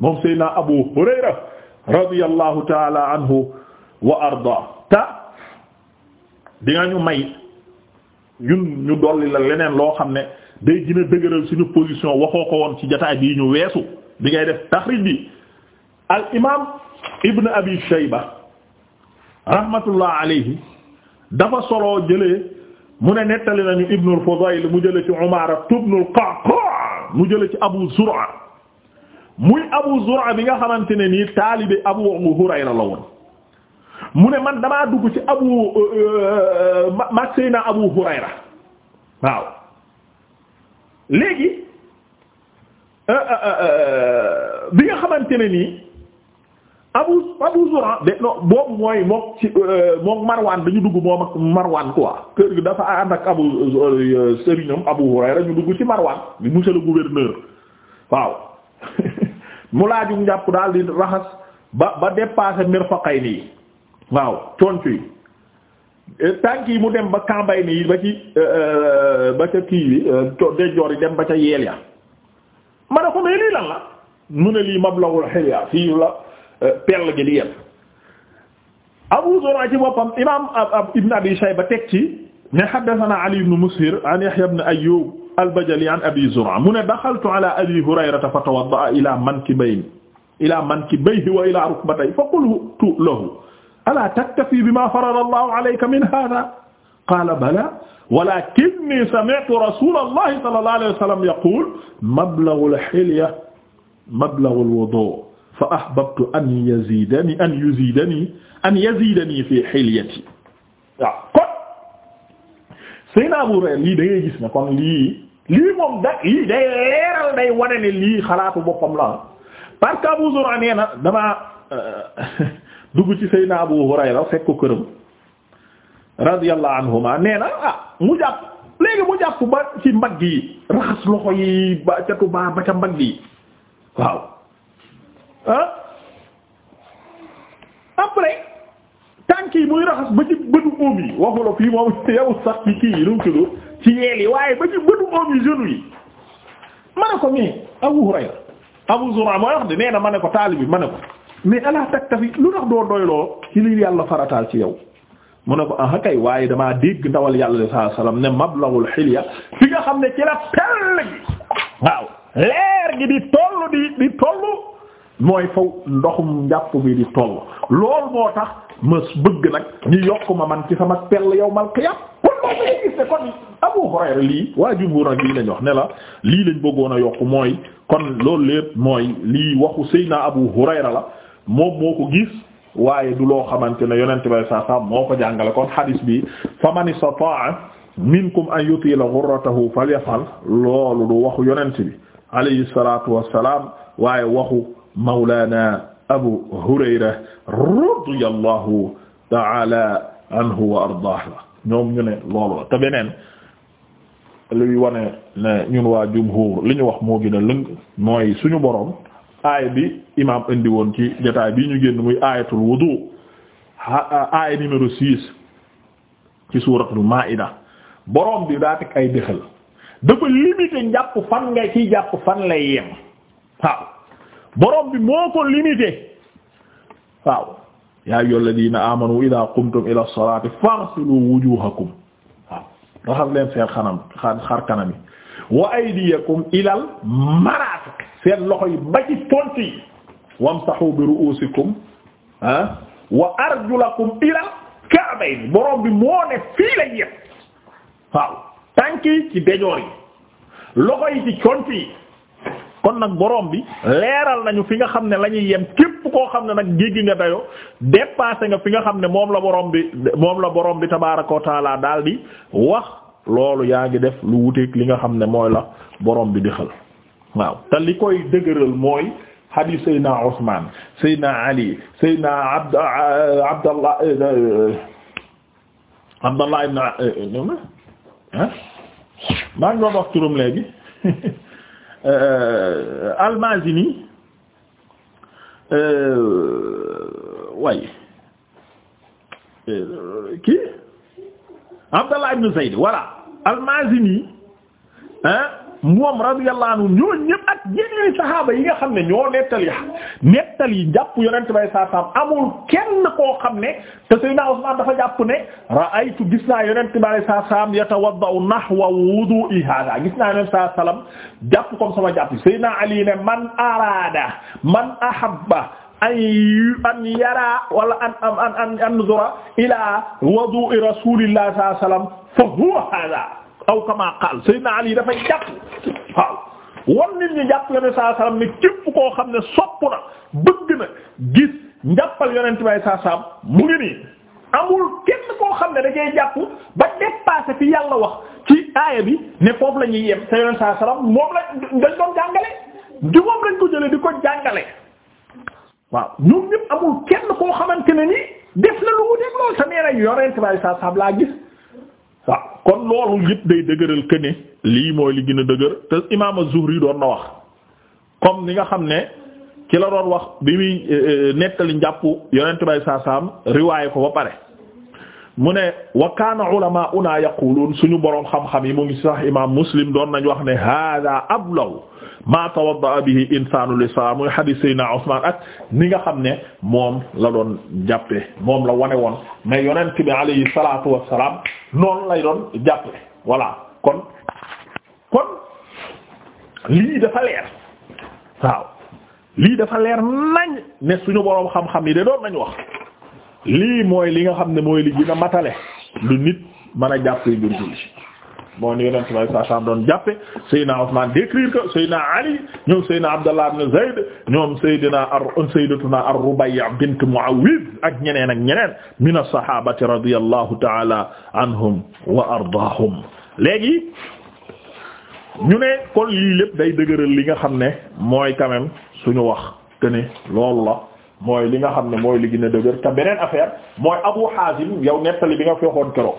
moom Seydina Abu Hurayra radiyallahu taala anhu wa arda ta dina ñu may ñun ñu dolli la leneen loo xam ne day gën a dëgëral suñu position waxoo ko woon ci jotaay bi ñu weesu bi ngay def taxrij bi al imaam Ibn Abi Shayba rahmatullah alayhi dafa solo jëlee mu ne nettali nañu Ibn al-Fudayl mu jëlee ci Umaara ibn al-Qa'qa mu jëlee ci Abu Zur'a muy abu zur'a bi nga xamante ne nii taalibe abu hurayra la woon mu ne man damaa dugg ci abu euh, euh, mag seyna abu hurayra waaw léegi euh, bi nga xamante ne nii abu abu zur'a de non boobu mooy mook ci mook marwaan dañu dugg moo ak marwaan quoi kër gi dafa ànd ak abu sëriñam abu hurayra ñu dugg ci marwaan bi monsieur le gouverneur waaw mu laaju njàpp daal di raxas ba ba dépassé mirfaqayni yi waaw conc yi e, tànk yi mu dem ba kambayni yi ba ci e, e, ba ca kii bi déjjoor yi dem ba ca yeel ya ma ne ko mais lii lan la mu ne lii mablawul xilya fii la pell gi di yem Abu Zur'a ci boppam imam Ibn Abi Shayba teg ci ne haddathana Ali ibn Musir an Yahya ibn Ayyub al-Bajali an Abi Zur'a mu ne daxaltu ala Abi Hurayrata fa tawadda'a ila mankibayhi ila mankibayhi wa ila rukbatayhi fa qultu lahu alaa taktafi bimaa farada Allahu alayka min haadha qaala balaa walaakinnii sami'tu rasuulallahi sallallahu alayhi wa sallam yaquulu mablagul hilya mablagul wuduu' fa ahbabtu an yaziidanii an yuziidanii an yaziidanii fii hilyatii waaw kon Seydina Abu Hurayra lii da ngay gis ne kon lii lii moom da lii day leeral day wane lii xalaatu boppam la parce Abu Zur'a nee na damaa euh, dugg ci Seydina Abu Hurayra fekk ko këram radiyallahu anhuma nee na ah mu jàpp léegi mu jàpp ba ci mbagg yi raxas loxo yi ba ca mbagg yi waaw ah après tànk muy raxas ba ci bëtu óom yi waxu fii moom yow sax ci kii yi lu mu tudd ci yeel yi waaye ba ci bëtu oom yi genou yi ma ne ko mais Abu Hurayra Abu Zur'a mooy wax de nee ma ne ko taalibi ma ne ko mais ala taktafi lu tax doo doyloo ci li yàlla farataal ci yow mu ne ko ah waaye damaa dégg ndawal yàlla sallallahu alayhi wasallam ne mablagul xilya fi nga xam ne ci la pell gi waaw leer gi di tollu di di tollu mooy faw ndoxum njàpp bi di tollu loolu moo tax ma bëgg nag ñu yokk ma man ci sama pell yow mal dangay gis ne Abu Hurayra ne la lii lañ bëggoon a yokk mooy kon loolu lépp mooy lii waxu Seydina Abu Hurayra la moom moo ko gis waaye du loo xamante ne yonent bay saa saa moo ko jàngale kon xadis bi fa man istata'a minkum an yutila ghurratahu falyafal loolu du waxu yonent bi alayhi salatu wassalam waaye waxu mawlana Abu Hurayra radiyallahu ta'ala anhu wa ardaahu ñoom ñu ne loolu la te beneen luy wane ne ñun waa jumhur li ñu wax moo gën lëng mooy suñu boroom aaya bi imaam indi woon ci jotaay bi ñu génn muy aayatul wudu aaya numéro six ci suuratul maa'ida boroom bi daa ay dëxal dafa limité njàpp fan nga ci jàpp fan lay yem waaw boroom bi moo ko limité waaw yaa ayyuhal ladina amanu idha qumtum ila as-salati faghsilu wujuhakum waaw raxas leen seen xanam xar kanam yi wa aydiyakum ilal marafiq seen loxo yi ba ci pont yi wamsahu bi ru'usikum ah wa arjulakum ilal ka'bayn borom bi moo ne fii lañ yépp waaw tànk yi ci dejoor yi loxo yi ci pont yi kon nag boroom bi leeral nañu fi nga xam ne lañuy ñuy yem képp koo xam ne nag géeg nga dayo dépassé nga fi nga xam ne moom la borom bi moom la boroom bi tabaaraka wa daal di wax loolu yaa ngi def lu wuteeg li nga xam ne mooy la boroom bi di waaw te li koy dëgëral mooy hadith Seydina Ousmane Seydina Ali Seydina Abd Abdallah Abdallah ibn ah maa ngi doon wax turam léegi. Euh, Al-Mazini waaye euh, euh, kii Abdallah ibn Zayd voilà Al-Mazini moom radiyallahu anhu ñoo ñëpp ak yeneen saxaaba yi nga xam ne ñoo nettali nettali jàpp yonent bay saa saam amul kenn koo xam ne te Seydina Usmaan dafa jàpp ne ra'aytu gis naa yonent bay saa saam yatawadda'u nahwa wudu'i hada gis naa yonent saa salam jàpp comme sama jàpp Seydina Ali ne man araada man ahabba an an yara wala an an an an anzura ila wudu'i rasulillahi sallallahu alayhi wasallam fa huwa hada aw kama qaal Seydina Ali dafay jàpp waaw wan nit ñi jàpp yonent saa salaam ne képp koo xam ne sopp na bëgg na gis njàppal yonent bay saa salaam mu ngi nii amul kenn koo xam ne da ngay jàpp ba dépassé fi wax ci aaya bi ne foofu la ñuy yem te yonent saa salaam moom di ko jële di koo xamante ne ni def na lu mu def lool sa nee yonent bay saa laa gis waaw kon loolu yëpp day dëgëral que ne lii mooy li gën a dëgër te imaam az-Zuhri doon na wax comme ni nga xam ne ci la doon wax bi muy euh, euh, nettali njàpp yonent bay saasaam riwaaye ko ba pare mu ne wa kaana ulamaa'una yaquluun suñu boroom xam-xam yi mu ngi si sax imaam Muslim doon nañ wax ne haadaa ablaw maa tawadda'a bihi insaanu li salaa muy hadiis Seydina ak ni nga xam ne moom la doon jàppe moom la wane woon ne yonent bi alayhi salaatu wassalaam noonu lay doon jàppale voilà kon kon lii dafa leer waaw lii dafa leer nañ ne suñu boroom xam-xam yi de doon nañ wax lii mooy li nga xam ne mooy li gën matale lu nit mën a jàppee ngir julli moo ni yonent bi saa saa doon jàppe Seydina Ousmane décrire ko Seydina Ali ñoom Seydina Abdallah ibn Zayd ñoom Seydina ar Sayyidatuna ar-Rubayya bint Mu'awwidh ak ñeneen ak ñeneen min as-sahabati radiyallahu ta'ala anhum wa ardaahum léegi ñu ne kon lii lépp day dëgëral li nga xam ne mooy quand même suñu wax que ne loolu la mooy li nga xam ne mooy li gën a dëgër te beneen affaire mooy Abu Hazim yow nettali bi nga fexoon keroog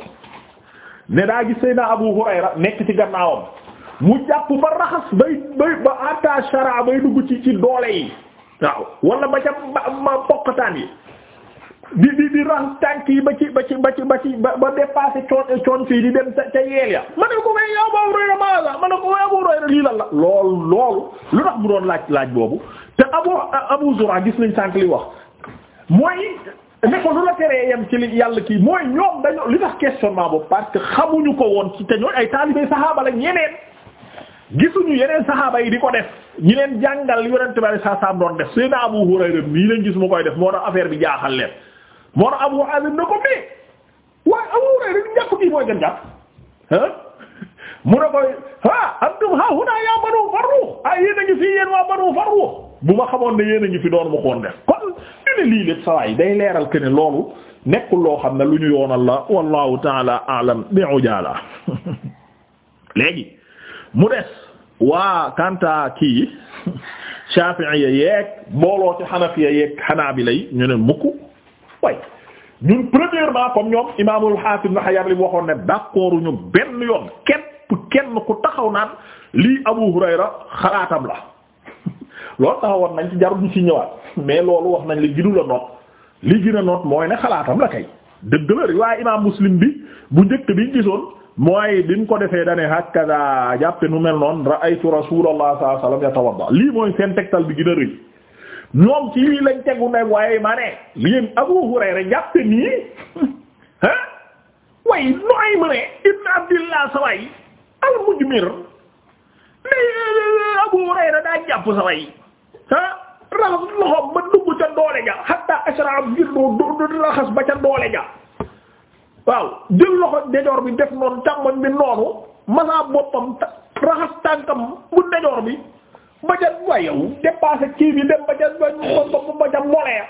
ne daa gis Seydina Abu Hurayra nekk ci gannaawam mu jàpp ba raxas bay bay ba atta shara bay dugg ci ci doole yi waaw wala ba ca ma poqataan yi di di di raxas tànk yi ba ci ba ci ba ci ba ci ba dépassé coon coon di dem ca ca yeel ya ma ne ko may yow Abu Hurayra maasa ma ne ko may Abu Hurayra lii lan la loolu loolu lu tax mu doon laaj laaj boobu te Abu Abu Zura gis nañ tànk li wax mooy ne ko lu la teree yem ci li yàlla kii mooy ñoom dañoo li tax questionnement boobu parce que xamuñu ko woon ci te ñooy ay taalibé saxaaba lañ yeneen gisuñu yeneen saxaaba yi di ko def ñi leen jàngal yonent bari sa saam doon def seen Abu Hurayra mii lañ gis mu koy def moo tax affaire bi jaaxal leen moo tax Abu Hazim na ko mais waaye Abu Hurayra ñu jàpp kii mooy gën jàpp ah mu koy ah antum ha huna yaa Banu Farrukh ah yéen a ngi fi yéen waa Banu bu ma xamoon ne yéen a ngi fi doon mu xoon ne lii lépp saa day leeral que ne loolu nekkul loo xam ne lu ñu yoonal la wallahu taala alam bi ujaala léegi mu des waa Kanta kii Shafi'iyya yeeg mbooloo ci Hanafiyya yeeg Hanabila yi ñu ne mukk way ñun premièrement comme ñoom imaamul Hafiz Ibn Hajar li waxoon ne d'accord ñu benn yoon képp kenn ku taxaw naan lii Abu Hurayra xalaatam la. loolu taxawoon nañ ci jarul ñu ci ñëwaat mais loolu wax nañ li ginu la noot li gën a noot mooy ne xalaatam la kay dëgg la riwaay imaam muslim bi bu njëkk bi gisoon mooy bi ko defee dane hakada jàppe nu mel noonu ra'aytu rasulallah sallallahu alayhi wasallam yatawadda lii mooy seen tegtal bi gën a rëy ñoom ci lii lañ tegu ne waaye ma lii Abu Hurayra jàppe nii ha way nooy ma ne ibn abdillah saway al mujmir ne Abu Hurayra daa jàpp saway ah raxas loxoom ba dugg ca doole ja hatta ashra ngir doo raxas ba ca doole ja waaw jël loxo dejoor bi def noonu càmmoñ bi noonu masaa boppam raxas tànkam bu dejoor bi ba ca yow dépassé kii bi dem ba ca ba ca molee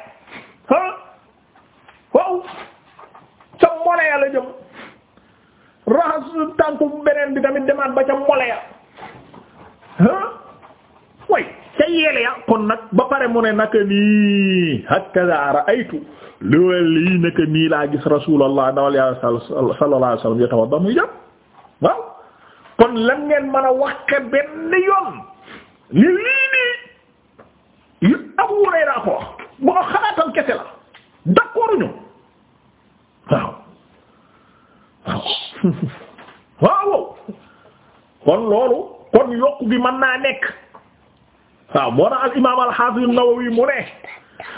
ah waaw ca molee la jëm raxas tànku beneen bi tamit demaat ba ca molee ah way ca yeele ya kon nag ba pare mu ne naka nii hakaza ra'aytu lool lii naka nii laa gis rasulallah dawal ya sallallahu alayhi wasallam yatawadda muy jàpp waaw kon lan ngeen mën a waxe benn yoon li lii nii yu Abu Hurayra ko boo xalaatam kese la d'accord ñu waaw waaw waaw kon loolu kon yokk bi mën naa nekk waaw moo tax al imaam al hafiz an-Nawawi mu ne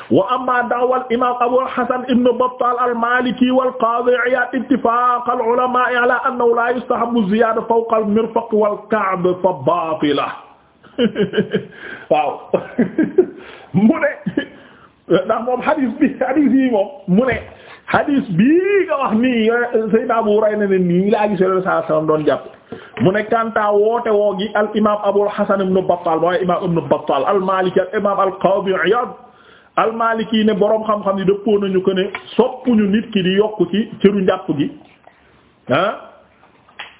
wa amma da'wa al imaam Abu al-Hasan ibn Battal al-Maliki wal qadi Iyad ittifaq al ulama ala annahu la yustahabbu ziyada fawqa al mirfaq wal ka'b fa batila waaw mu ne ndax moom hadith bi hadith yi moom mu ne hadith bii nga wax nii Sayyid Abu Hurayra ne nii laa gis Rasul sallallahu alayhi wasallam doon jàpp mu ne Kanta woote woo gi al imaam Abul Hasan ibn Battal mooy imaam ibn Battal al Maliki al imaam al Qadi Iyad al Maliki ne boroom xam-xam yi dëppoo nañu ko ne soppuñu nit ki di yokk ci cëru njàpp gi ah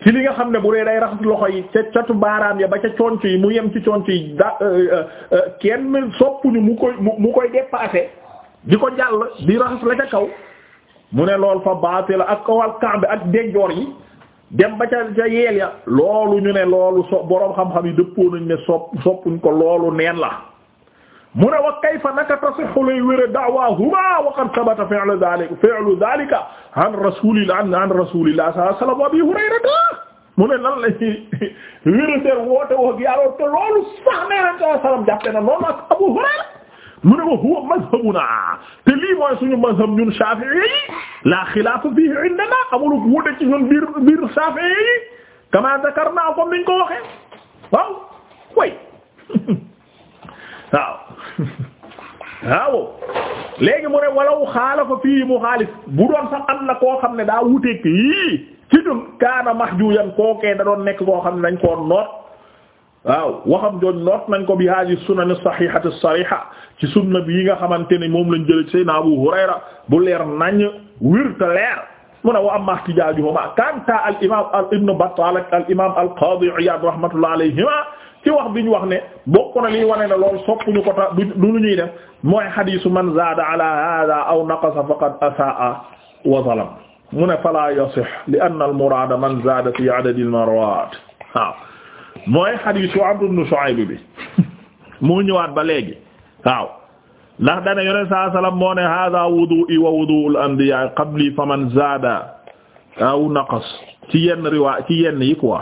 ci li nga xam ne bu dee day raxas loxo yi ca catu baaraam ya ba ca conc yi mu yem ci conc yi da euh, euh, euh, kenn soppuñu mu koy mu koy dépasser di ko jàll di raxas la ca kaw mu ne lool fa baatil ak kawal kambe ak déjjoor yi. dem ba ca ca yeel ya loolu ñu ne loolu so boroom xam-xam yi dëppoo nañ ne sopp soppuñ ko loolu neen la mu ne wa kayfa naka tasihhu lay wér a da'waahuma wa qad thabata fi'lu dhalika fi'lu dhalika an rasulillah an rasulillah wa sallam hurayrata mu ne nan lañuy wér a seen woote woo ak yàlla loolu sax ne sallallahu alayhi wa sallam jàppe na abu hurayra mu ne wa huwa mazhabuna te lii mooy suñu mazhab ñun Shafi'i yi la xilaafa fihi indana amul wuute ci ñun biir biir Shafi'i yi kama naa ko niñ ko waxee waaw way waaw waaw léegi mu ne walaw xaalafa fii mu xaalif bu doon sax am na koo xam ne daa wuteek lii ci ñun kaana mahjuyan kookee da doon nekk koo xam ne dañ koo noot waaw waxam joon noot nañ ko bi haaji sunan sahihati sariha ci sunna bi yi nga xamante ne moom lañ jële sayna Abu Hurayra bu leer nañ wér te leer mu ne wa am mahtijajuhuma kanta al imam al ibn Battal ak al imam al qadi Iyad rahmatullah alayhima ci wax bi ñu wax ne bokk na liy wane ne lool soppuñu ko ta du lu ñuy def mooy hadisu man zaada ala hada aw naqasa faqad asaa wa zalam mu ne fala yasih li anna al murada man zaada fi adadi al marrat waaw mooy xadiisu Amr ibn Shu'ayb bi moo ñëwaat ba léegi waaw ndax dane yoneen saa sallam moo ne hada wudu'i wa wudu'ul anbiya qabli faman zaada aw naqas ci yenn riwaa ci yenn yi quoi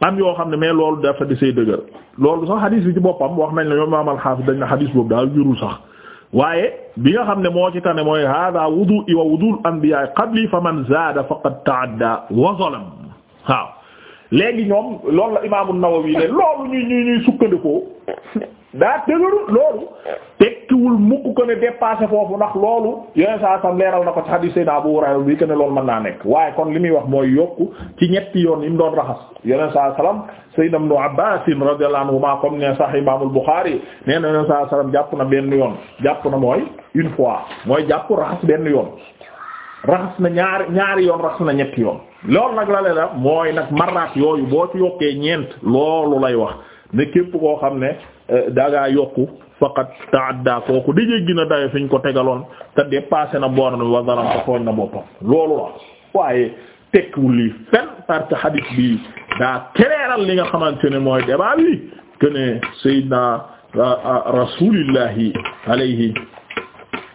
am yoo xam ne mais loolu da di say loolu sax xadiis bi boppam wax nañ la ñoom imaam al-Hafiz dañ na boobu daal jurul sax waaye bi nga xam ne moo ci tane mooy hada wudu'i wa wudu'ul anbiya qabli faman zaada faqad ta'adda wa zalama waaw léegi ñoom loolu la imaamu Nawawi ne loolu ñuy ñuy ñuy sukkandikoo daa dëgëru loolu tekkiwul mukk ko ne dépassé foofu ndax loolu yeneen saa sam leeral na ko ci hadith Seydina Abu Hurayra bi que ne loolu mën naa nekk waaye kon li muy wax mooy yokk ci ñetti yoon yi mu doon raxas yeneen saa salaam Seydina Ibnu Abbaas radiyallahu anhumaa comme ne Sahih Imaamul Buxaari nee na yeneen saa salaam jàpp na benn yoon jàpp na mooy une fois mooy jàpp raxas benn yoon. raxas na ñaari ñaari yoon raxas na ñetti yoon loolu nag la le mooy nag maraat yooyu boo ci yokkee ñeent loolu lay wax ne képp koo xam ne euh, dangaa yokku faqat ta'adda kooku dajee gi a dayo fiñ ko tegaloon te dépassé na borne bi wasalam te tooñ na boppam loolu la waaye tekkiwul lii fen parce que hadith bi daa tereeral li nga xamante ne mooy débat bi que ne sayyidina euh, euh, rasulillahi alayhi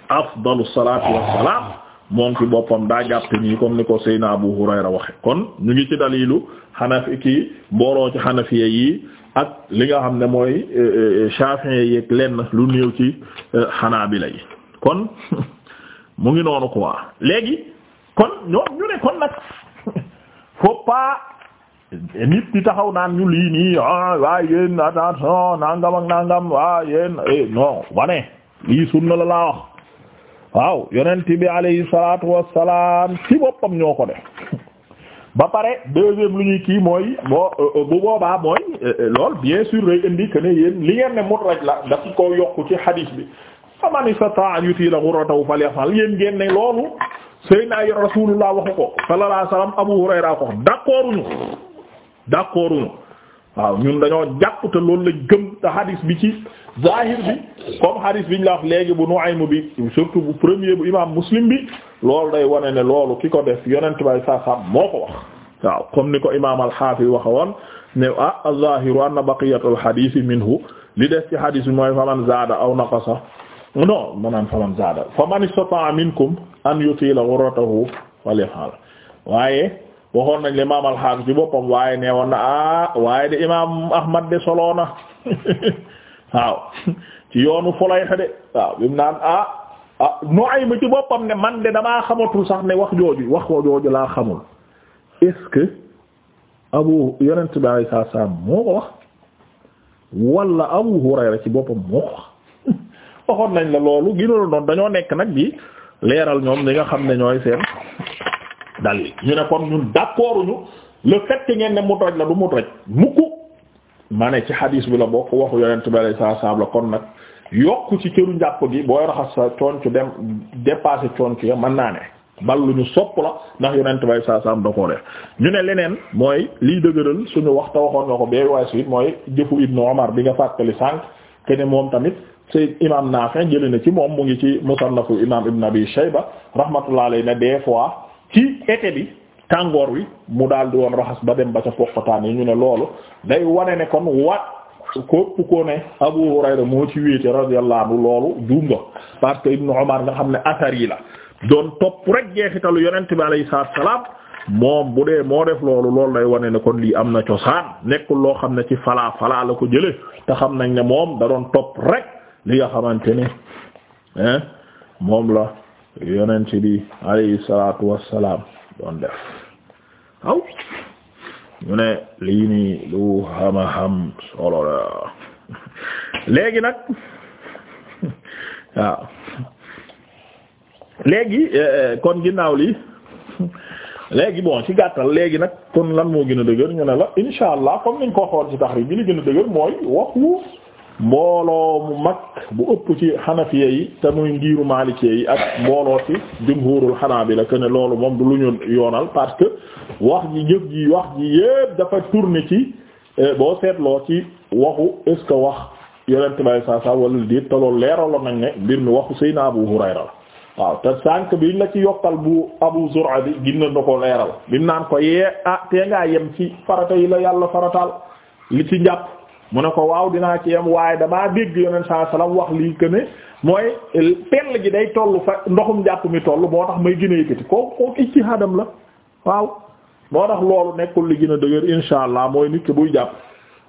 afdalu salatu wassalam moom ci boppam daa jàpp nii comme ni ko Seydina Abu Hurayra waxe kon ñu ngi ci dalilu Hanafi ki mbooloo ci Hanafiya yi ak li nga xam ne mooy euh, euh, Shafi'i yi ak lenn lu néew ci euh, Hanabila yi kon mu ngi noonu quoi léegi kon ñoom ñu ne kon nag faut nit di taxaw naan ñu lii nii ah waa yéen attention nangam ak nangam waa yéen eh, non wane lii sunna la laa wax. waaw yonent bi alayhi salaatu wassalaam ci boppam ñoo ko def ba pare deuxième lu ñuy kii mooy boo euh, bu boobaa mooy euh, lool bien sûr day indi que ne yéen li ngeen ne mudraj la daf ko yokk ci hadis bi faman istata'a an yutila ghurratahu falyafal yéen ngeen ne loolu Seydina Rasulullah waxu ko sallallahu alayhi wasallam Abu Hurayra ko d'accord uñu d'accord uñu waaw ñun dañoo jàpp te loolu la gëm te hadis bi ci zahir bi comme hadith biñ la wax léegi bu Nu'aym bi surtout bu premier bu imam Muslim bi loolu day wane ne loolu ki ko def yonent bay saa sam moo ko wax waaw comme ni ko imam al-Hafiz waxoon ne ah li des ci hadith aw naqasa non maanaam faman zaada faman istata'a minkum an yutila ghurratahu falyaf'al waaye waxoon nañ bi boppam waaye na ah waaye de imam Ahmad de solo waaw ci yoonu Fulayh de waaw bi mu naan ah ah Nuaym ci boppam ne man de damaa xamatul sax ne wax jooju wax jooju laa xamul est-ce que Abu Yonent bi sallallahu alayhi wa sallam moo ko wax wala Abu Hurayra ci boppam moo ko nañ la loolu ginoolu noonu dañoo nekk nag bi leeral ñoom li nga xam ne ñooy seen dal yi ñu ne kon ñun d'accorduñu le fait ngeen ne mu toj la du mu toj mukk ma ne ci xadiis bi la bokk waxu yonent bi saa saam la kon nag yokk ci këru njàpp gi booy raxas sa conc dem dépassé conc ya man naa ne bal lu ñu sopp la ndax yonent bi saa saam da koo def ñu ne leneen mooy liy dëgëral suñu waxta waxoon nga ko bee waaye suite mooy jëfu Ibnu Umar bi nga fàttali sànq kene moom tamit sayyid imam Naafi jëli na ci moom mu ngi ci musannafu imam Ibn Abi Shayba rahmatullahi alayhi ne des fois ci été bi tàngoor wi mu daal di woon raxas ba dem ba ca poqataan yi ñu ne loolu day wane ne kon wat képp ko ne Abu Hurayra moo ci wéete radiyallahu anhu loolu juum parce que Ibnu Umar nga xam ne asar yi la doon topp rek jeexitalu yonent bi alayhi salaam moom bu dee moo def loolu loolu lay wane ne kon lii am na cosaan nekkul loo xam ne ci falaa falaa la ko jële te xam nañ ne moom da doon topp rek li nga xamante ne moom la yonent bi alayhi salaatu wassalaam doon def aw ñu ne lii nii lu xama xam solo la léegi nag waaw léegi eh, eh, kon ginnaaw li léegi bon ci gàttal léegi nag kon lan moo gën a dëgër ñu ne la insha allah comme niñ ko xool ci tax ri bi li gën a dëgër mooy waxu mbooloo mu mag bu ëpp ci xanafiya yi te muy ngiiru maalikee yi ak mbooloo ci xanaa bi que ne loolu moom du lu ñu yoonal parce que wax ji jëf ji wax ji yépp dafa tourner ci eh, boo seetloo ci waxu est wax yonent bay saa saa wala déet te loolu leeraloon nañ ne mbir mi waxu Seydina Abu Hurayra la waaw te sànq bi la ci yokkal bu Abu Zur'a bi ginna na ko leeral bi mu naan ko yee ah te ngaa yem ci farata yi la yàlla farataal li ci njàpp mu ne ko waaw dinaa ci yem waaye damaa dégg yoneen saa salaam wax lii que ne mooy pell gi day toll fa ndoxum jàpp mi toll boo tax may gën a yëkkati kooku kooku ijtihaadam la waaw moo tax loolu nekkul li gina a dëgër insha allah mooy nit ki buy jàpp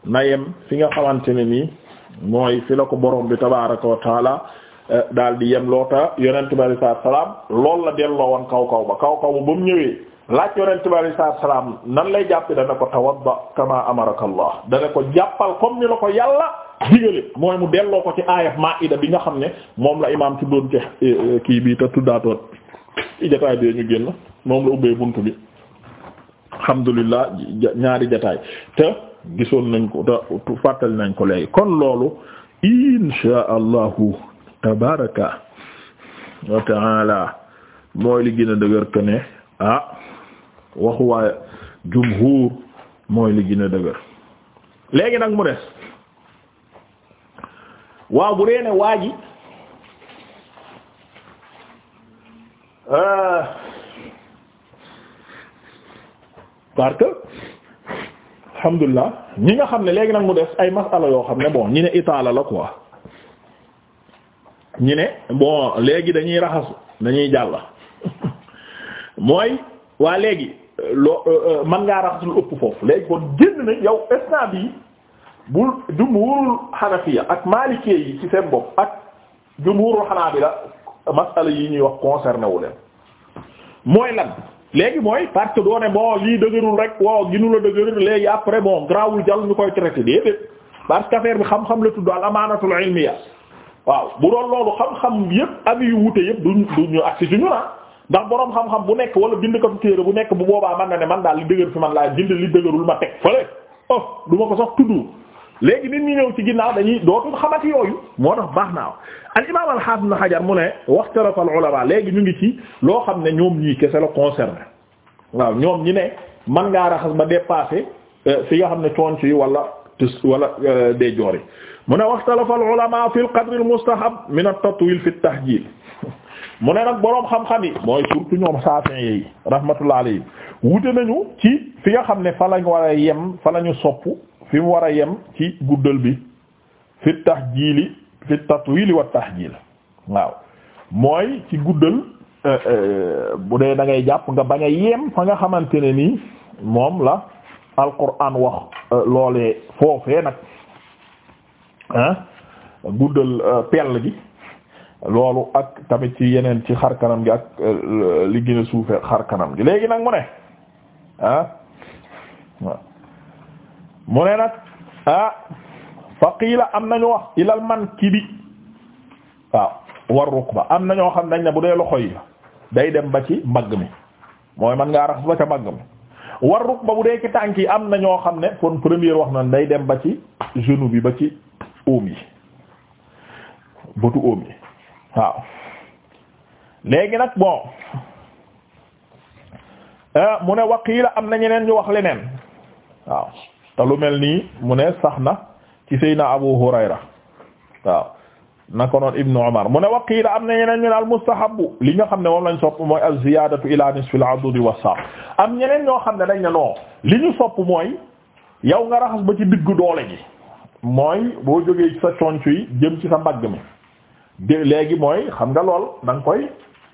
na yem fi nga xamante ne nii mooy fi la ko borom bi tabaaraka wa taala eh, daal di yem loota yonent bi alayhi salaam loolu la delloo woon kaw kaw ba kaw kaw ba mu ñëwee. laaj yonent bi alayhi salaatu salaam nan lay jàppe dana ko tawadda kama amaraka Allah dana ko jàppal comme ni la ko yàlla digale mooy mu delloo ko ci aayat Maa'ida bi nga xam ne moom la imaam tuddoon ci eh, eh, kii bii te tuddaatoon i jataay bi ñu génn moom la ubbee bunt bi alhamdulillah ñaari jataay te gisoon nañ ko fàttali nañ ko léegi kon loolu insha allahu tabaraka wa taala mooy li dëgër que ne ah waxu waa jumhur mooy li gën a dëgër léegi nag mu des waaw bu dee ne waa ji euh, parce que alhamdulilah ñi nga xam ne léegi nag mu des ay ala yoo xam ne bon ñi ne itaala la ko quoi ñi ne bon léegi dañuy raxasu dañuy jàll mooy waa léegi loo euh, euh, man ngaa raxas lu ëpp foofu léegi kon génn na yow instant bi bul jumhurul xanafiya ak maalikee yi ci seen bopp ak jumhurul xanaabila masala yi ñuy wax concerné wu mooy lan léegi mooy parce que doo ne bon lii dëgërul rek wow ginu la dëgërul léegi après bon grawul jàll ñu koy traité déedéet parce que affaire bi xam-xam la tudd al amaanatul ilmiya waaw bu doon loolu xam-xam yépp avis wute yépp duñ duñu agsi suñu na ah. ndax boroom xam-xam bu nekk wala bindkatu téere bu nekk bu boobaa man na ne man daal li dëgër fi man laa bind li dëgërul ma teg fële oh du ma ko sax tudd léegi nit ñu ñëw ci ginnaaw dañuy dootul xamati yooyu moo tax baax naa al imam al hafiz ibn hajar mu ne waxtarafa al ulama léegi ñu ngi ci loo xam ne ñoom ñii kese la concerné waaw ñoom ñi ne man ngaa raxas ba dépassé euh, fi nga xam ne conc yi wala tis wala euh, day joor yi mu ne waxtarafa al ulama fi al qadr al mustahab min at tatwil fi at mu ne nag boroom xam-xam yi mooy surtout ñoom Shafi'i yi rahmatullah wute nañu ci fi nga xam ne fa lañ war a yem fa lañu sopp fi mu war a yem ci guddal bi fi tahjili fi tatwili wa tahjil waaw mooy ci guddal euh, euh, bu dee da ngay jàpp nga bañ a yem fa nga xamante ne nii moom la alquran wax euh, loole foofee nag ah guddal pell gi loolu ak tamit ci yeneen ci xar gi ak euh, li gën a suufe gi léegi nag mu ne ah mu ne nag ah faqiila am nañu wax ilal bi waaw war rukba am na ñoo xam dañ ne bu dee loxo yi day dem ba ci mbagg mi mooy man ngaa rax ba ca mbagg mi war rukba bu dee ci tànk yi am na ñoo xam ne kon première wax na day dem ba ci genou bi ba ci óom yi bëtu óom yi waaw léegi nag bon euh, mu ne waqiila am na ñeneen ñu wax leneen waaw te lu mel nii mu ne sax na ci Seydina Abu Hurayra waaw nako noon Ibnu Umar mu ne waqiila am na ñeneen ñu ne al mustahabu li nga xam ne moom lañ sopp mooy az-ziyaadatu ila nisfi al-adudi was am ñeneen ñoo xam ne dañ ne non li ñu sopp mooy yow nga raxas ba ci diggu doole gi mooy boo jógee sa conc yi jëm ci sa mbagg mi léegi mooy xam nga lool da koy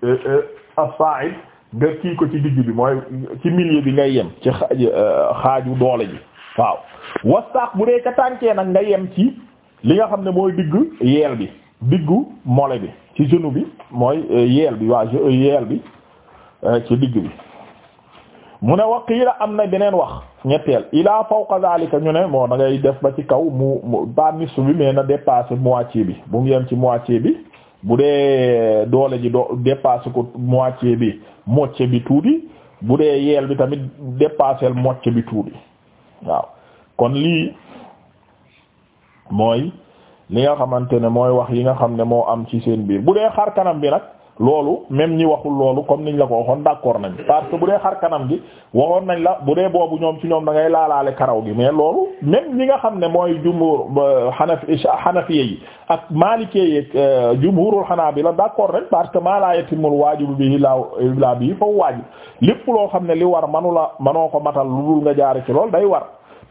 euh, euh, as-sa'id nga kii ko ci digg bi mooy ci milieu bi ngay yem ci euh, xaaju doole ji waaw wasaaq bu dee ca nag nga yem ci li nga xam ne mooy diggu yeel bi diggu mole bi ci genou bi mooy yeel bi waaw yeel bi ci digg bi mu ne wax waqiila am na beneen wax ñetteel ilaa fawqa zalika ñu ne moo da ngay def ba ci kaw mu mu ba nisf bi mais na dépassé moitié bi bu mu yem ci moitié bi bu dee doole ji doo dépassé ko moitié bi moitié bi tuuti bu dee yeel bi tamit dépassé moitié bi tuuti waaw kon lii mooy li nga xamante ne mooy wax yi nga xam ne moo am ci seen biir bu dee xar kanam bi nag. loolu même ñi waxul loolu comme niñ la ko waxoon d'accord nañ parce que bu dee xar kanam gi waxoon nañ la bu dee boobu ñoom ci ñoom dangay laalaale karaw gi mais loolu même ñi nga xam ne mooy jumhur xanafi xanafiye yi ak maalikee yi euh, jumhurul xanaabila d'accord nañ parce que maa laa yatimul waajibu bihi illaa bihi fa waajib lépp loo xam ne li war manu la manoo ko matal lu dul nga jaare ci lool day war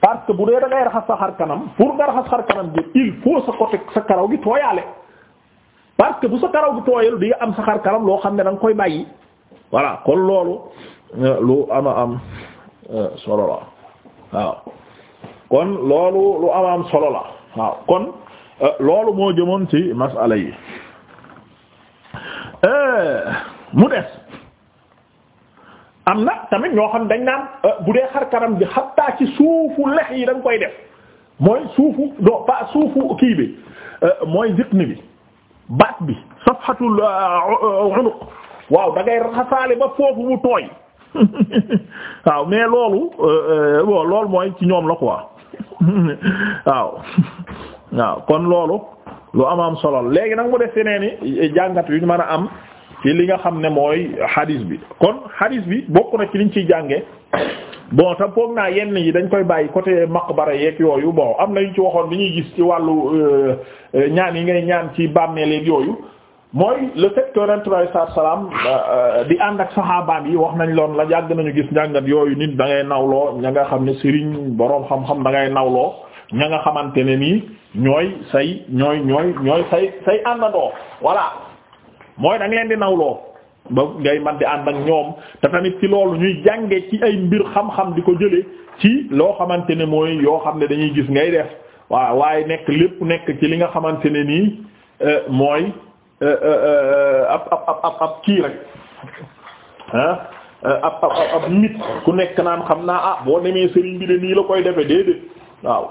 parce que bu dee da raxas sa xar kanam pour nga raxas gi il faut parce que bu sa karaw bu tooyal di nga am saxaar karam loo xam ne da koy bàyyi voilà euh, euh, kon loolu lu ama am solo la waaw kon loolu lu am am solo la waaw kon loolu moo jëmoon ci masala yi euh, mu des am na tamit ñoo xam dañ naan bu dee xar kanam bi xattaa ci suufu lex yi da koy def mooy suufu do pas suufu kii bi mooy jëkk bi baat bi safhatul euh, euh, waaw da ngay ba foofu mu tooy waaw mais loolu euh, bon loolu mooy ci ñoom la quoi waaw waaw kon loolu lu am am solo léegi nag mu def yeneen i eh, jàngat yu ñu mën a am ci li nga xam ne mooy hadis bi kon hadis bi bokk na ci liñ ciy jànge bon tam foog naa yenn yi dañ koy bàyyi côté bara yeeg yooyu bon am na ñu ci waxoon bi ñuy gis ci wàllu euh, euh, ñaan yi ngay ñaan ci bàmmeel yeeg yooyu mooy le fait que Yonent bi salaam euh, di ànd ak saxaabaam yi wax nañ loon la jàgg nañu gis njàngat yooyu nit da ngay nawloo ña nga xam ne sëriñ boroom xam-xam da ngay nawloo ña nga xamante ne nii ñooy say ñooy ñooy ñooy say say àndandoo voilà mooy da nga leen di nawloo. ba ngay man di ànd ak ñoom te tamit ci loolu ñuy jànge ci ay mbir xam-xam di ko jële ci loo xamante ne mooy yoo xam ne dañuy gis ngay def waaw waaye nekk lépp nekk ci li nga xamante ne nii euh, mooy euh, euh, ab ab ab ab kii rek ah ab ab ab nit ku nekk naan xam naa ah boo demee sëriñ bi de nii la koy defe déedéet waaw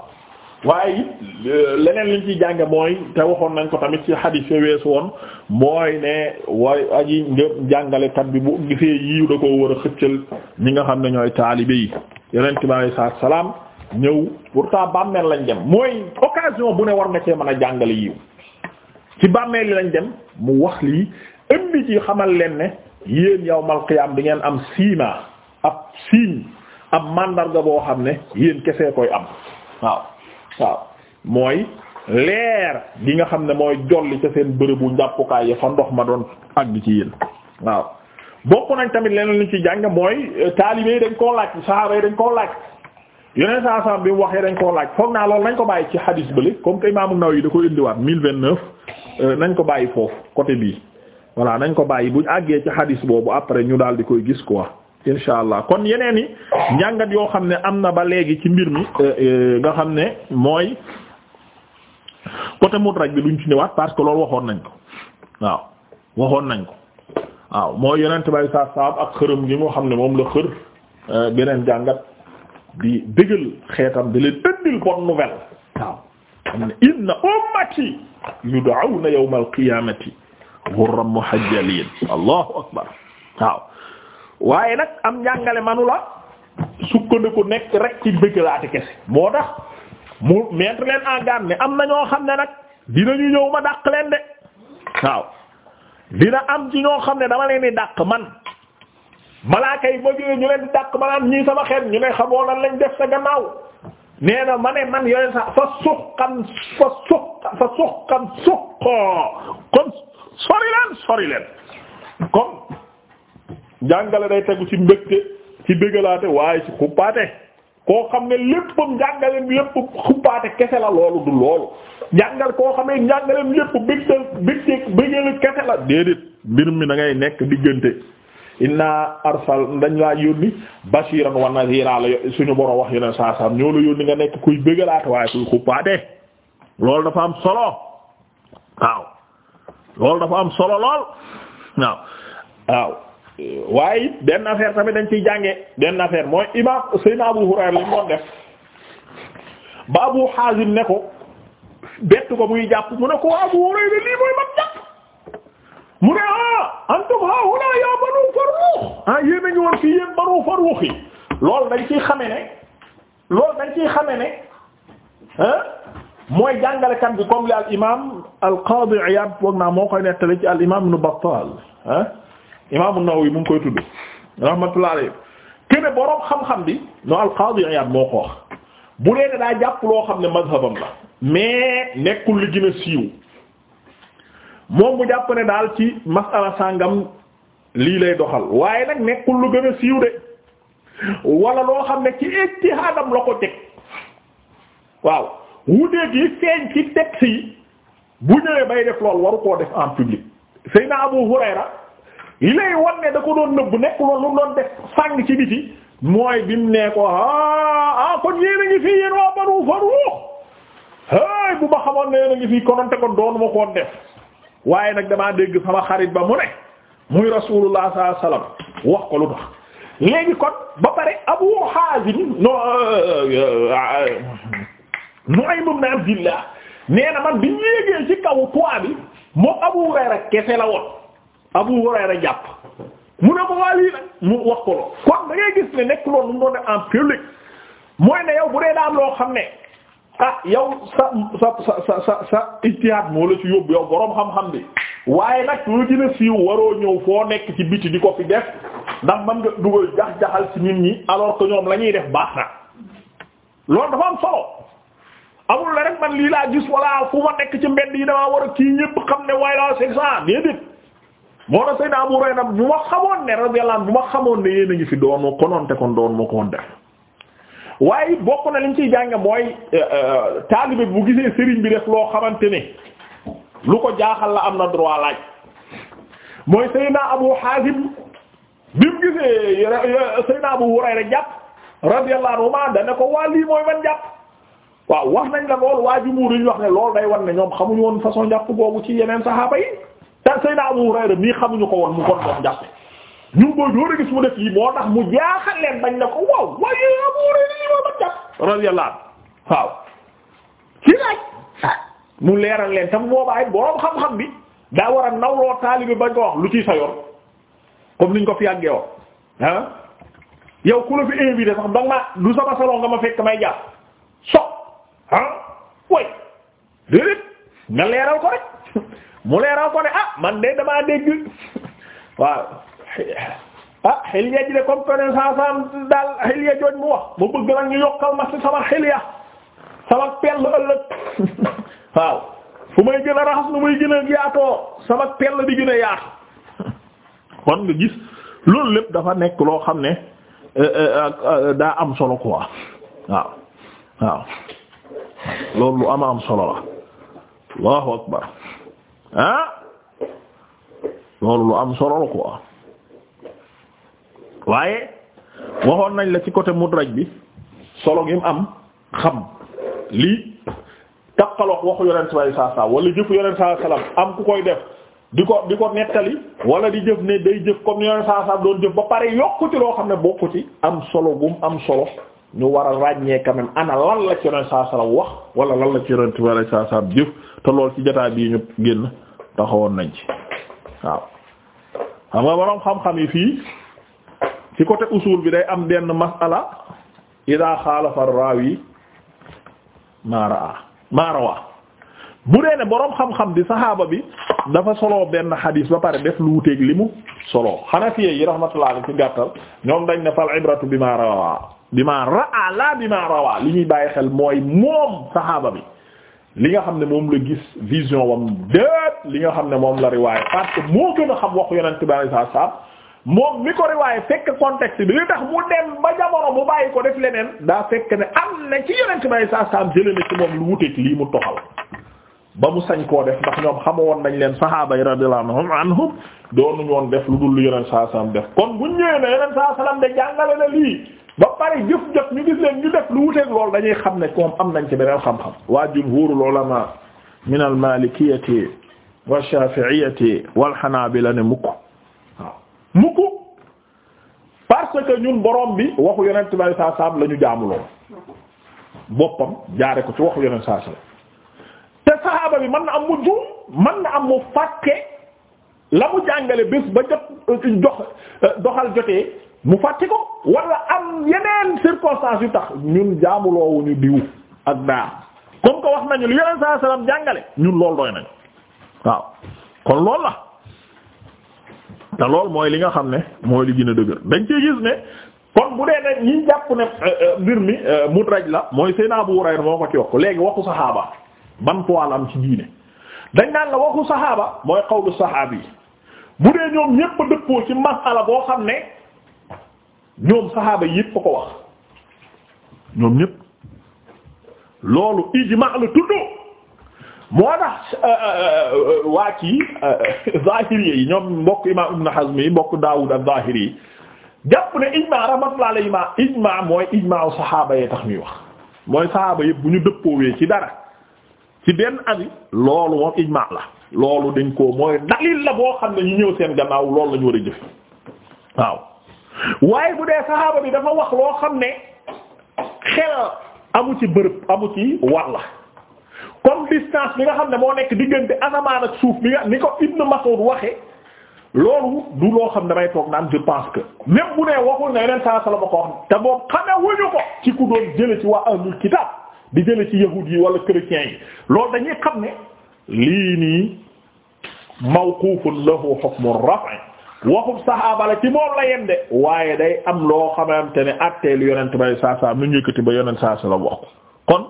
waaye it euh, leneen liñ ciy jànge mooy te waxoon nañ ko tamit ci xadiis yi weesu woon mooy ne way aji ngë jàngalekat bi bu gisee yiw da koo war a xëccal ñi nga xam ne ñooy taalibe yi yeneen bi alei salaatu salaam ñëw pourtant bàmmeel lañ dem mooy occasion bu ne war nga cee mën a jàngale yiw ci bàmmeel yi lañ dem mu wax lii ëmbi ci xamal leen ne yéen yawmal qiyaam di ngeen am siima ab signe ab mandarga boo xam ne yéen kese koy am waaw waaw mooy leer gi nga xam ne mooy jolli ca seen bërëbu njàppukaay ya fa ndox ma doon àgg ci yéen waaw bokk nañ tamit leneen lu ci jàng mooy euh, taalibe yi dañ koo laaj saxaaba yi dañ koo laaj yeneen saa saa bi mu waxee dañ koo laaj foog naa loolu nañ ko bàyyi ci hadis li comme que Imaamu Nawawi da koy indiwaat 1029 euh, nañ ko bàyyi foofu côté bii voilà nañ ko bàyyi buñ àggee ci hadis boobu après ñu daal di koy gis quoi. insha allah kon yeneen i njàngat yoo xam ne am na ba léegi ci mbir mi euh, euh, nga xam ne mooy côté mudraj bi duñ ci ñëwaat parce que loolu waxoon nañ ko waaw waxoon nañ ko waaw mooy yonent bay sa saab ak xërëm gi moo xam ne moom la xër euh, beneen jàngat di dëggal xeetam di leen ëndil bonne nouvelle waaw xam ne inna ummati yud'awna yawmal qiyamati ghurran muhajjalin allahu akbar waaw waaye nag am njàngale manula sukkandiku nekk rek ci bëggalaate kese moo tax mu mettre leen en garde ne am na ñoo xam ne nag dinañu ñëw ma dàq leen de waaw dina am ci ñoo xam ne dama leen di dàq man malaaka yi ma jógee ñu leen di dàq ma naan ñii sama xeet ñu ne xamoo lan lañ def sa gannaaw nee na ma ne man yooyu sax fa suqan sa suq fa suqan kon sori leen sori njàngale day tegu ci mbégte ci bégalaate waaye ci xuppaate koo xam ne lépp njàngaleem lépp xuppaate kese la loolu du loolu njàngal koo xamee njàngaleem lépp bégte bégte bégale kese la déedéet mbir mi da ngay nekk diggante inna arsal dañ laa yónni bashiran wa nadhira la suñu borom wax yeneen saa saam ñoo la yónni nga nekk kuy bégalaate waaye kuy xuppaate loolu dafa am solo waaw loolu dafa am solo lool waaw waaw waaye benn affaire tamit dañ ciy jànge benn affaire mooy imam Seydina Abu Hurayra li mu def ba Abu Hazim ne ko bett ko muy jàpp mu ne ko Abu Hurayra lii mooy mag jàpp mu ne ah antum haahuna yaa Banu Farrukh ah yéen ngi woon fii yéen Banu Farrukh yi dañ ciy xame ne loolu dañ ciy xame ne ah mooy jàngalekat bi comme li al imam al Qadi Iyad foog naa moo koy nettali ci al imam Ibn Battal imaamu Nawawi mu ngi koy tudd rahmatullahi alayhi kene boroom xam-xam bi no al-Qaadi Iyaad moo ko wax bu dee daa jàpp loo xam ne mazhabam la mais nekkul li gën a siiw moom mu jàpp ne daal ci masala sàngam lii lay doxal waaye nag nekkul lu gën a siiw de wala loo xam ne ci ijtihaadam la ko teg waaw wuteeg yi feeñ ci texte yi bu ñëwee bay def lool waru koo def en public Seydina Abu Hurayra li lay wan ne da ko doon nëbb nekk loolu lu doon def sàng ci biti mooy bim nee ko ah ah kon yéen a ngi fi yéen waa Banu Faruux hey bu ma xamoon ne yéen a ngi fi ko doon ma koon def waaye nag damaa dégg sama xarit ba mu ne muy Rasulullah sallallahu wax ko lu tax léegi kon ba pare Abu Hazim no euh, euh, euh, Nu'aym ibn Abdillah nee na man bi ñu yéegee ci kaw toit moo Abu Hurayra kese la woon. Abu rek jàpp mu ne ko waa lii nag mu wax ko lool kon da gis ne nekk loolu mu doon def en public mooy ne yow bu dee daa am loo xam ne ah yow sa sa sa sa sa ijtihaad moo la ci yóbbu yow boroom xam-xam bi waaye nag lu gën a siiw waroo ñëw foo nekk ci biti di ko fi def ndax man nga dugal jax-jaxal ci nit ñi alors que ñoom lañuy def baax na loolu dafa am solo amul la rek man lii laa gis walla fu ma nekk ci mbedd yi damaa war a kii ñépp xam moo na Seydina Abu Hurayra bu ma xamoon ne radiyallahu anhu bu ma xamoon ne yéen a ngi fi doon konoonte kon doon moo ko woon def waaye bokk na liñ ciy jànge mooy euh, euh, taalibe bu gisee sëriñ bi def loo xamante ne lu ko jaaxal am na droit laaj mooy Seydina Abu Hazim bi mu gisee euh, Seydina Abu Hurayra jàpp radiyallahu anhu ma dana ko waa lii mooy man jàpp waaw wax nañ la lool waa jumuur yi ñu wax ne lool day wan ne ñoom xamuñu woon façon jàpp googu ci yeneen saxaaba yi te Seydina Abu Hurayra mii xamuñu ko woon mu kon doon jàppe ñu ngi koy a gis mu def yi moo tax mu jaaxal leen bañ na ko waaw waaye Abu Hurayra yi moo ma jàpp radiyallahu waaw ci laaj mu leeral leen tam boobaay boroom xam-xam bi daa war a nawloo taalibi bañ ko wax lu ciy sa yoon comme niñ ko fi yàggee woon ah yow ku la fi invité sax danga ma du sama salon nga ma fekk may jàpp so ah way déedéet nga leeral ko rek mu leeral ko ne ah man de damaa dégg waaw ah xilya ne saa saa jooj mu wax mu bëgg nag ñu yokkal ma ci sama xilya sama pell ëllëg waaw fu may gën a raxas nu muy gën a yaatoo sama pell di gën a yaatu kon nga gis loolu lépp dafa nekk loo xam ne euh, euh, euh, daa am solo quoi waaw waaw loolu lu ama am solo la allahu akbar ah loolu lu am solo la quoi waaye waxoon nañ la ci côté mudraj bi solo gi mu am xam lii takkaloog waxu yonent bi sallallahu alayhi wasallam wala jëfu yonent sallallahu alayhi ku koy def di ko di ko nettali wala di jëf ne day jëf comme yonent sallallahu alayhi doon jëf ba pare yokku loo xam ne bokku ci am solo gum am solo ñu war a ràññee quand même ana lan la ci wax wala lan la ci yonent bi sallallahu alayhi jëf te lool ci jotaay bii ñu génn. taxawoon nañ ci waaw xam nga boroom xam-xam yi fii ci côté usul bi day am benn masala ida xaalafa raawi maa raa maa rawaa bu dee ne boroom xam-xam di saxaaba bi dafa solo benn xadiis ba pare def lu wuteeg li mu soloo xanafiya yi rahmatullah alayhi ci gàttal ñoom dañ ne fal ibratu bi maa rawaa bi maa raa laa bi maa rawaa li ñuy bàyyi xel mooy moom saxaaba bi li nga xam ne moom la gis vision wam déet li nga xam ne moom la riwaayé parce que moo gën a xam waxu yonent bi sallallahu alayhi wasallam moom mi ko riwaayé fekk contexte bi li tax mu dem ba jamono bu bàyyi ko def leneen daa fekk ne am na ci yonent bi sallallahu alayhi na ci moom lu wuteek lii mu toxal ba mu sañ koo def ndax ñoom woon nañ leen sahaaba yi radiyallahu anhum anhum doonuñu woon def lu dul lu yonent sallallahu alayhi wasallam def kon buñ ñëwee ne yonent sallallahu de jàngale na lii ba pare jëf jot ñu gis leen ñu def lu wuteeg loolu dañuy xam ne koom am nañ ci beneen xam-xam waa jumhurul ulama min al malikiyati wa shafi'iyati wal hanabila ne mukk waaw mukk parce que ñun bi waxu yonent bi saa saam la ñu jaamuloo boppam jaare ko ci waxu yonent saa saam te sahaaba bi mën na am mu juum mën na am mu fàkke la mu jàngale bés ba jot dox doxal jotee mu fàtte ko wala am yeneen circonstance yu tax ñun jaamuloowu diw ak daa comme que wax nañu li yeneen saa salaam jàngale ñun lool doy nañu waaw kon lool la te lool mooy li nga xam ne mooy li gën a dëgër dañ ci gis ne kon bu dee ne ñi jàpp ne euh, euh, mbir mi euh, raj la mooy Seydina Abu Hurayra moo ko ci wax léegi waxu saxaaba ban poil am ci diine dañ naan la waxu saxaaba mooy xawlu saxaabi bu dee ñoom ñépp dëppoo ci masala boo xam ne ñoom saxaaba yépp ko wax ñoom ñépp loolu ijma la tuddu moo tax euh, euh, euh, waa kii zahiri yi ñoom mbokk imaam Ibn Hazm mbokk Daawud az-Zahiri yi jàpp ne ijma rahmatullah alayhi ma ijma mooy ijmaaw saxaaba yee tax ñuy wax mooy saxaaba yépp bu ñu dëppoowee ci dara ci benn ami loolu moom ijma la loolu dañ ko mooy dalil la boo xam ne ñu ñëw seen gannaaw loolu lañu war a jëf waaw waaye bu dee saxaaba bi dafa wax loo xam ne xel amu ci bërëb amu ci walla comme distance bi nga xam ne moo nekk diggante asamaan ak suuf bi nga ni ko Ibn Mas'ud waxee loolu du loo xam damay toog naan je pense que même bu ne waxul ne yeneen saa sala ma ko wax te boobu xamee wuñu ko ci ku doon jële ci waa ahlul kitab di jële ci yahuud yi wala chrétiens yi loolu dañuy xam ne lii nii mawqufun lahu hukmu raf' waxum saxaaba la ci moom la yem de waaye day am loo xamante ne atteelu yonent bay saa saa nu njëkkati ba yonent saa saa la wax kon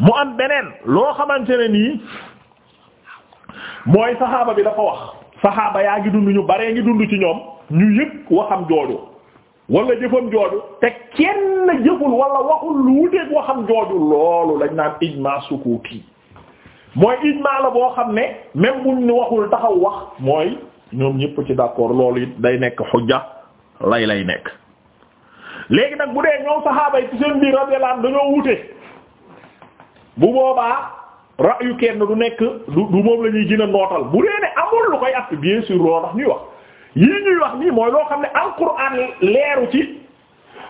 mu am beneen loo xamante ne nii mooy saxaaba bi dafa wax saxaaba yaa ngi dund ñu baree ngi dund ci ñoom ñu yëg waxam jooju wala jëfam jooju te kenn jëful wala waxul lu wuteeg waxam jooju loolu lañ naan ijma sukuuti mooy ijma la boo xam ne même buñ waxul taxaw wax mooy ñoom ñëpp ci d'accord loolu it day nekk xujja lay lay nekk léegi nag bu dee ñoom saxaaba yi ci seen biir radiyallahu dañoo wute bu boobaa ra'yu kenn du nekk du du moom la ñuy nootal bu dee ne amul lu koy app bien sûr loo tax ñuy wax yii ñuy wax nii mooy loo xam ne alquran leeru ci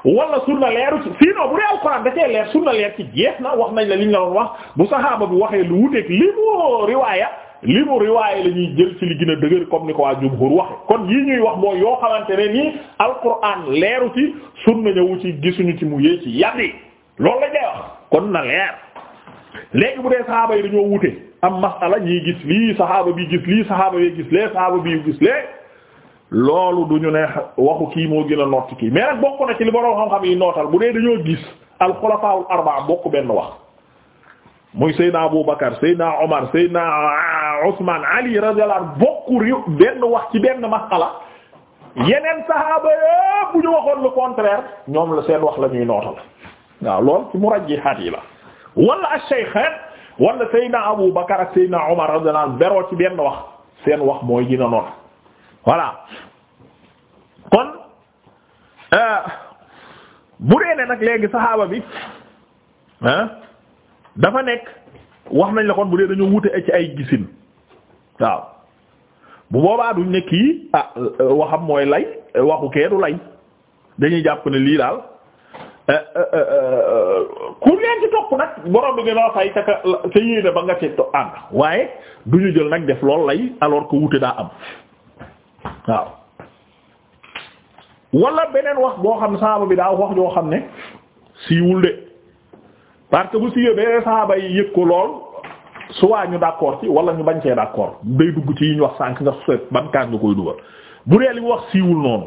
wala sunna leeru ci sinon bu dee alquran da cee leer sunna leer ci jeex na wax nañ la liñ la doon wax bu saxaaba bu waxee lu wuteeg li mu riwaaya li mu riwaaye la ñuy jël ci li gën dëgër comme ni ko waa jumhur waxe kon yii ñuy wax mooy yoo xamante ne nii alquran leeru ci sunna ñëwu ci gisuñu ci mu yee ci yàbbi loolu la ñuy wax kon na leer léegi bu dee saxaaba yi dañoo wute am masala ñii gis lii saxaaba bi gis lii saxaaba bi gis lee bi loolu duñu ñu ne waxu kii moo gën a noot kii mais nag bokk na ci li borom xam-xam yi nootal bu dee dañoo gis alxulafaawul arbaa bokk benn wax muy Seydina Abubakar Usmaan Ali radiyallahu anhu bokku benn wax ci benn masala yeneen saxaaba yépp ñu waxoon le contraire ñoom la seen wax la ñuy nootal waaw lool ci murajjihaat yi la wala ash-shaykhaan wala Seydina Abu Bakar ak Seydina Umar radiyallahu anhu beroo ci benn wax seen wax mooy gën noonu voilà kon euh, bu dee ne nag léegi saxaaba bi ah dafa nekk wax nañ la kon bu dee dañoo wute ci ay gisin waaw bu boobaa duñ ne kii ah waxam mooy lay waxu keedu lay dañuy jàpp ne lii daal eh, eh, eh, ku leen ci topp nag borom bi nga fay ka ka ka yéene ba nga ci ànd waaye du ñu jël nag def lool lay alors que wuute daa am waaw wala beneen wax boo xam saaba bi daa wax joo xam ne siiwul de parce que bu siiwee beneen saaba yi yëg ko lool soit ñu d'accord ci wala ñu bañ cee d'accord day dugg ci yi ñu wax sànq nga seet ban nga koy dugal bu dee li mu wax siiwul noonu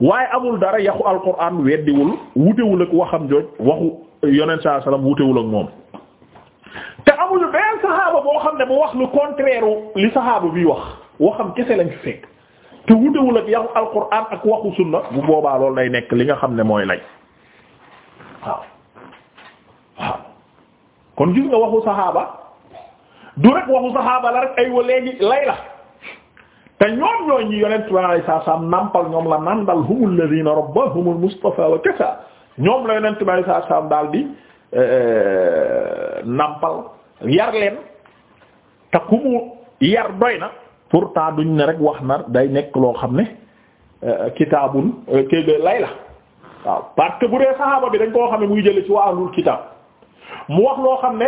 waaye amul dara yaxu alquran weddiwul wutewul ak waxam jooj waxu yonent saa salaam wutewul ak moom. te amul benn saxaaba boo xam ne bu wax lu contraire li saxaaba bi wax waxam kese lañ fi fekk te wutewul ak yaxu alquran ak waxu sunna bu boobaa loolu day nekk li nga xam ne mooy lay waaw. kon gis nga waxu saxaaba du rek waxu saxaaba la rek ay wa léegi lay la te ñoom ñoo ñi yonent bi alayhi salaam nampal ñoom la nandal humul ladina rabbahumul mustafa wa kafa ñoom la yonent bi alayhi salaam daal di eh, eh, nampal yar leen te ku mu yar doy na pourtant duñ ne rek wax na day nekk loo xam ne eh, kitaabul kii lay la waaw parce que bu dee saxaaba bi dañ koo xam ne muy jële ci waa ahlul kitaab mu wax loo xam ne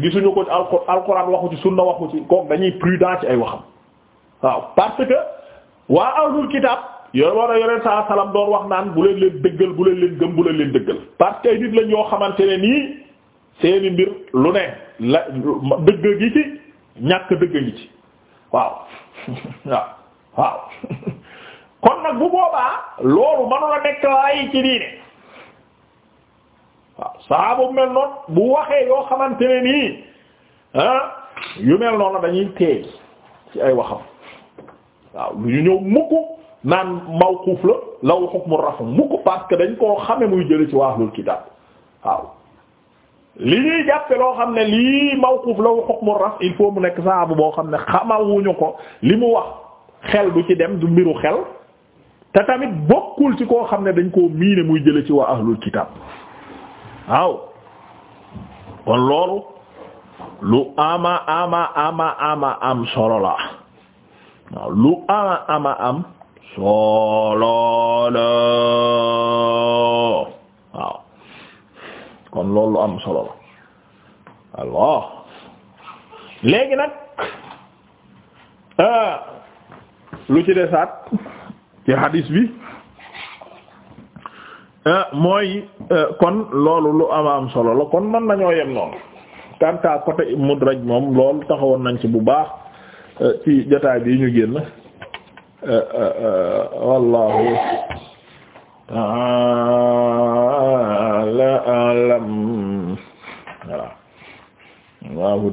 gisuñu ko alqur alquran waxu ci na waxu ci kooku dañuy prudent ci ay waxam waaw parce que waa ahlul kitab yooyu war a yore saa salaam doon wax naan bu leen leen dëggal bu leen leen gëm bu leen leen dëggal parce que ay nit lañ yoo xamante ne nii seeni mbir lu ne la dëgg gi ci ñàkk dëgg gi ci waaw waaw waaw kon nag bu boobaa loolu mënula nekk lay ci diine waaw saxaabu mel noonu bu waxee yoo xamante ne nii ah, yu mel noonu dañuy teey ci ay waxam waaw lu ñu ñëw mukk naan mawquf la law hukmu rafu mukk parce que dañ koo xame muy jële ci waaxlul kitaab waaw li ñuy jàppe loo xam ne lii mawquf law hukmu raf il faut mu nekk saxaabu boo xam ne xamawuñu ko li mu wax xel du ci dem du mbiru xel te tamit bokkul ci koo xam ne dañ koo miine muy jële ci waa ahlul kitaab aw kon loolu lu ama ama ama ama am solo la waaw lu ama ama am solo la waaw kon loolu lu am solo la alors léegi nag euh, lu ci desaat ci hadis bi Euh, mooy euh, kon loolu lu am am solo la kon mën nañoo yem noonu kanta côté mudraj moom loolu taxawoon nañ ci bu baax euh, ci jotaay bi ñu génn wallahu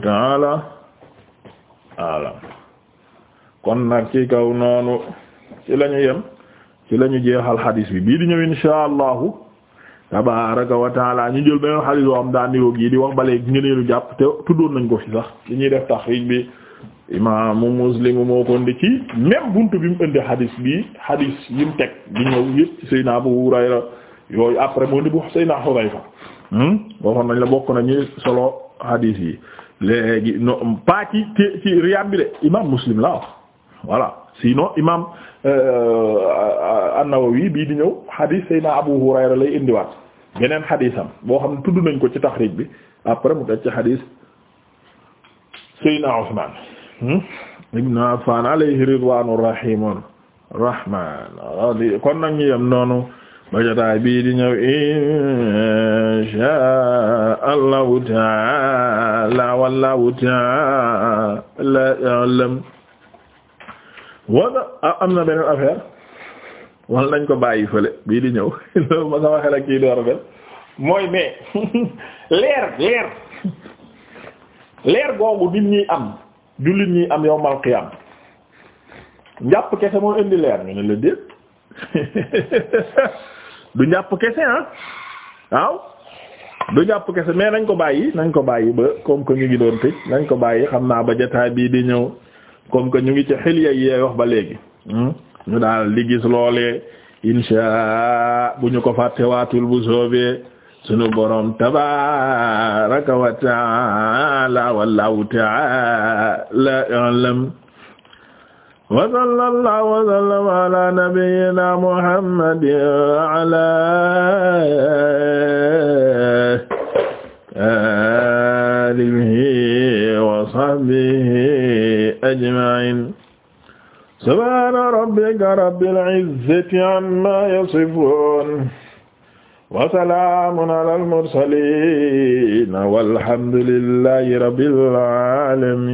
ta'ala alam kon nag ci kaw noonu ci lañu yem ci la ñu jeexal xadis bi bii di ñëw insha allahu tabaraka wa taala ñu jël beneen xadis boo xam daa niroog yi di wax balee ngëneelu jàpp te tuddoon nañ ko fi sax ci ñuy def taxriij bi imaamu muslimu moo ko indi ci bi mu indi xadis bi xadis yi mu teg di ñëw yëpp yooyu après moo ni bu Seydina Hudayfa hmm? waxoon nañ la nañu solo xadis yi léegi no pas imaam muslim la wax sinon imaam euh, euh, an bii di ñëw xadiis Seydina Abu Hurayra lay indiwaat beneen xadiisam boo xam ne tudd nañ ko ci taxriij bi après mu teg ci xadiis Seydina Usmaan hmm? ibn Affaan alayhi ridwaanu rahimun rahman radi kon nag ñu yem noonu bajataay bii di ñëw inshaa Allahu ta'ala wallahu ta'ala a'lam wala am na beneen affaire wala nañ ko bàyyi fële bii di ñëw loolu ma sama xel ak kii door benn mooy mais leer leer leer googu nit ñi am jullit ñi am yow qiyaam njàpp kese moo indi leer ñu ne la déet du njàpp kese ah waaw du njàpp kese mais nañ ko bàyyi nañ ko bàyyi ba comme que ñu ngi tëj nañ ko bàyyi xam naa ba jotaay bii di ñëw. comme que ñu ngi ci xilya yi wax ba léegi hmm? ñu daal di gis loolee insha bu ñu ko fàttewaatul bu soobee sunu borom tabaraka wa taala wallahu taala alam wa sallallahu wa sallama ala nabiyyina muhammadin wa ala alihi wa sahbihi ajma'in subhana rabbika rabbil izzati amma yasifun wa salamun alal mursalin walhamdulillahi rabbil alamin